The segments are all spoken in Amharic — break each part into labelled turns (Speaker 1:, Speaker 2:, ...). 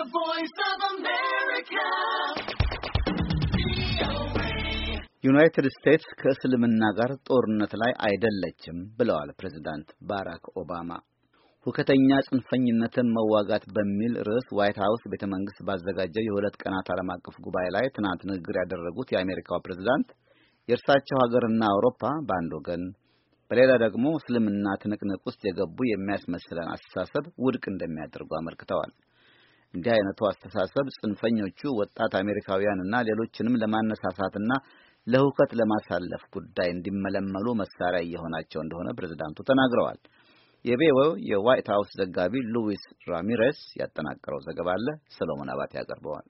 Speaker 1: The voice of America. ዩናይትድ ስቴትስ ከእስልምና ጋር ጦርነት ላይ አይደለችም ብለዋል ፕሬዝዳንት ባራክ ኦባማ። ሁከተኛ ጽንፈኝነትን መዋጋት በሚል ርዕስ ዋይት ሀውስ ቤተ መንግስት ባዘጋጀው የሁለት ቀናት ዓለም አቀፍ ጉባኤ ላይ ትናንት ንግግር ያደረጉት የአሜሪካው ፕሬዝዳንት የእርሳቸው ሀገርና አውሮፓ በአንድ ወገን በሌላ ደግሞ እስልምና ትንቅንቅ ውስጥ የገቡ የሚያስመስለን አስተሳሰብ ውድቅ እንደሚያደርጉ አመልክተዋል። እንዲህ አይነቱ አስተሳሰብ ጽንፈኞቹ ወጣት አሜሪካውያንና ሌሎችንም ለማነሳሳትና ለሁከት ለማሳለፍ ጉዳይ እንዲመለመሉ መሳሪያ እየሆናቸው እንደሆነ ፕሬዝዳንቱ ተናግረዋል። የቪኦኤው የዋይት ሀውስ ዘጋቢ ሉዊስ ራሚሬስ ያጠናቀረው ዘገባ አለ። ሰሎሞን አባቴ ያቀርበዋል።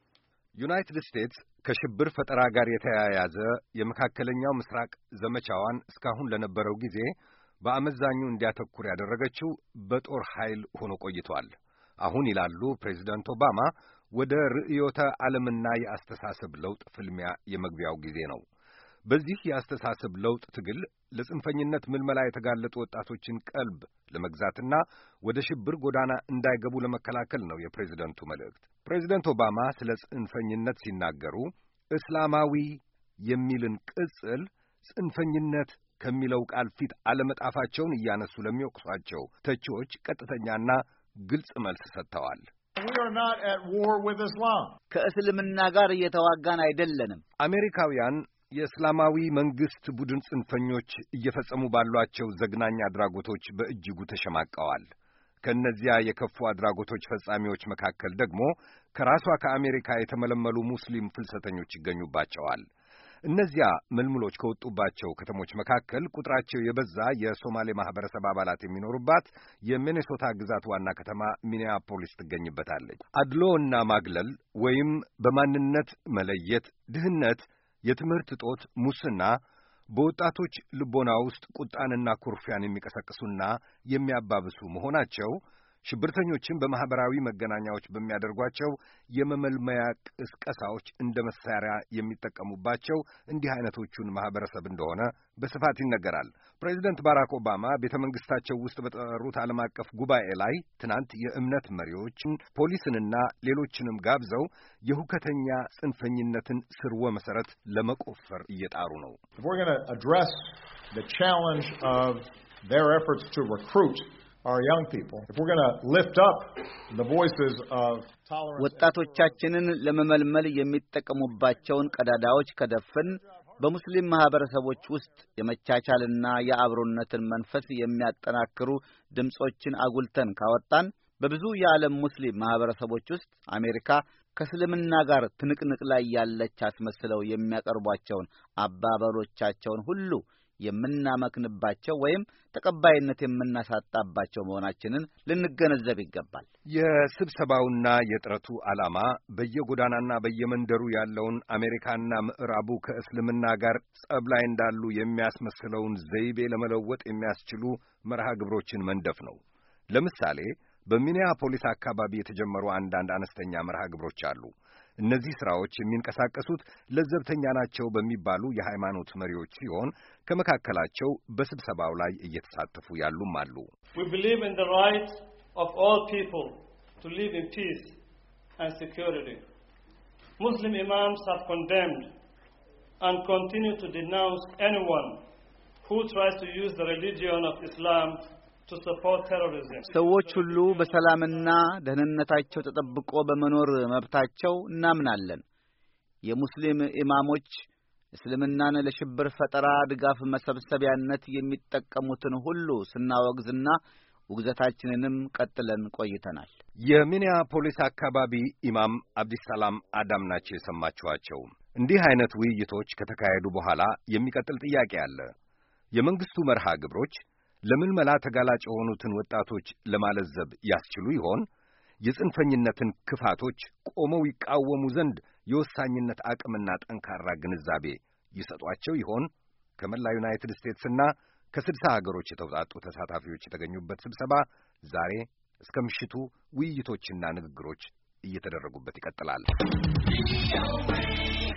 Speaker 2: ዩናይትድ ስቴትስ ከሽብር ፈጠራ ጋር የተያያዘ የመካከለኛው ምስራቅ ዘመቻዋን እስካሁን ለነበረው ጊዜ በአመዛኙ እንዲያተኩር ያደረገችው በጦር ኃይል ሆኖ ቆይቷል። አሁን ይላሉ ፕሬዚደንት ኦባማ ወደ ርዕዮተ ዓለምና የአስተሳሰብ ለውጥ ፍልሚያ የመግቢያው ጊዜ ነው። በዚህ የአስተሳሰብ ለውጥ ትግል ለጽንፈኝነት ምልመላ የተጋለጡ ወጣቶችን ቀልብ ለመግዛትና ወደ ሽብር ጎዳና እንዳይገቡ ለመከላከል ነው የፕሬዚደንቱ መልእክት። ፕሬዚደንት ኦባማ ስለ ጽንፈኝነት ሲናገሩ እስላማዊ የሚልን ቅጽል ጽንፈኝነት ከሚለው ቃል ፊት አለመጣፋቸውን እያነሱ ለሚወቅሷቸው ተቺዎች ቀጥተኛና ግልጽ መልስ ሰጥተዋል።
Speaker 1: ከእስልምና ጋር እየተዋጋን አይደለንም።
Speaker 2: አሜሪካውያን የእስላማዊ መንግሥት ቡድን ጽንፈኞች እየፈጸሙ ባሏቸው ዘግናኝ አድራጎቶች በእጅጉ ተሸማቀዋል። ከእነዚያ የከፉ አድራጎቶች ፈጻሚዎች መካከል ደግሞ ከራሷ ከአሜሪካ የተመለመሉ ሙስሊም ፍልሰተኞች ይገኙባቸዋል። እነዚያ ምልምሎች ከወጡባቸው ከተሞች መካከል ቁጥራቸው የበዛ የሶማሌ ማህበረሰብ አባላት የሚኖሩባት የሚኔሶታ ግዛት ዋና ከተማ ሚኒያፖሊስ ትገኝበታለች። እና ማግለል ወይም በማንነት መለየት፣ ድህነት፣ የትምህርት እጦት፣ ሙስና በወጣቶች ልቦና ውስጥ ቁጣንና ኩርፊያን የሚቀሰቅሱና የሚያባብሱ መሆናቸው ሽብርተኞችን በማኅበራዊ መገናኛዎች በሚያደርጓቸው የመመልመያ ቅስቀሳዎች እንደ መሳሪያ የሚጠቀሙባቸው እንዲህ አይነቶቹን ማኅበረሰብ እንደሆነ በስፋት ይነገራል። ፕሬዚደንት ባራክ ኦባማ ቤተ መንግሥታቸው ውስጥ በጠሩት ዓለም አቀፍ ጉባኤ ላይ ትናንት የእምነት መሪዎችን፣ ፖሊስንና ሌሎችንም ጋብዘው የሁከተኛ ጽንፈኝነትን ስርወ መሠረት ለመቆፈር እየጣሩ ነው።
Speaker 1: our young people. If we're going to lift up the voices of ወጣቶቻችንን ለመመልመል የሚጠቀሙባቸውን ቀዳዳዎች ከደፍን በሙስሊም ማህበረሰቦች ውስጥ የመቻቻልና የአብሮነትን መንፈስ የሚያጠናክሩ ድምጾችን አጉልተን ካወጣን በብዙ የዓለም ሙስሊም ማህበረሰቦች ውስጥ አሜሪካ ከእስልምና ጋር ትንቅንቅ ላይ ያለች አስመስለው የሚያቀርቧቸውን አባባሎቻቸውን ሁሉ የምናመክንባቸው ወይም ተቀባይነት የምናሳጣባቸው መሆናችንን ልንገነዘብ ይገባል።
Speaker 2: የስብሰባውና የጥረቱ ዓላማ በየጎዳናና በየመንደሩ ያለውን አሜሪካና ምዕራቡ ከእስልምና ጋር ጸብ ላይ እንዳሉ የሚያስመስለውን ዘይቤ ለመለወጥ የሚያስችሉ መርሃ ግብሮችን መንደፍ ነው። ለምሳሌ በሚኒያፖሊስ አካባቢ የተጀመሩ አንዳንድ አነስተኛ መርሃ ግብሮች አሉ። እነዚህ ሥራዎች የሚንቀሳቀሱት ለዘብተኛ ናቸው በሚባሉ የሃይማኖት መሪዎች ሲሆን ከመካከላቸው በስብሰባው ላይ እየተሳተፉ ያሉም አሉ። ሙስሊም ኢማምስ ሃቭ ኮንደምድ and continue to denounce anyone who tries to use the religion of Islam
Speaker 1: ሰዎች ሁሉ በሰላምና ደህንነታቸው ተጠብቆ በመኖር መብታቸው እናምናለን። የሙስሊም ኢማሞች እስልምናን ለሽብር ፈጠራ ድጋፍ መሰብሰቢያነት የሚጠቀሙትን ሁሉ ስናወግዝና ውግዘታችንንም ቀጥለን ቆይተናል።
Speaker 2: የሚኒያፖሊስ አካባቢ ኢማም አብዲሰላም አዳም ናቸው የሰማችኋቸው።
Speaker 1: እንዲህ አይነት ውይይቶች
Speaker 2: ከተካሄዱ በኋላ የሚቀጥል ጥያቄ አለ። የመንግስቱ መርሃ ግብሮች ለምልመላ ተጋላጭ የሆኑትን ወጣቶች ለማለዘብ ያስችሉ ይሆን? የጽንፈኝነትን ክፋቶች ቆመው ይቃወሙ ዘንድ የወሳኝነት አቅምና ጠንካራ ግንዛቤ ይሰጧቸው ይሆን? ከመላ ዩናይትድ ስቴትስና ከስድሳ ሀገሮች የተውጣጡ ተሳታፊዎች የተገኙበት ስብሰባ ዛሬ እስከ ምሽቱ ውይይቶችና ንግግሮች እየተደረጉበት ይቀጥላል።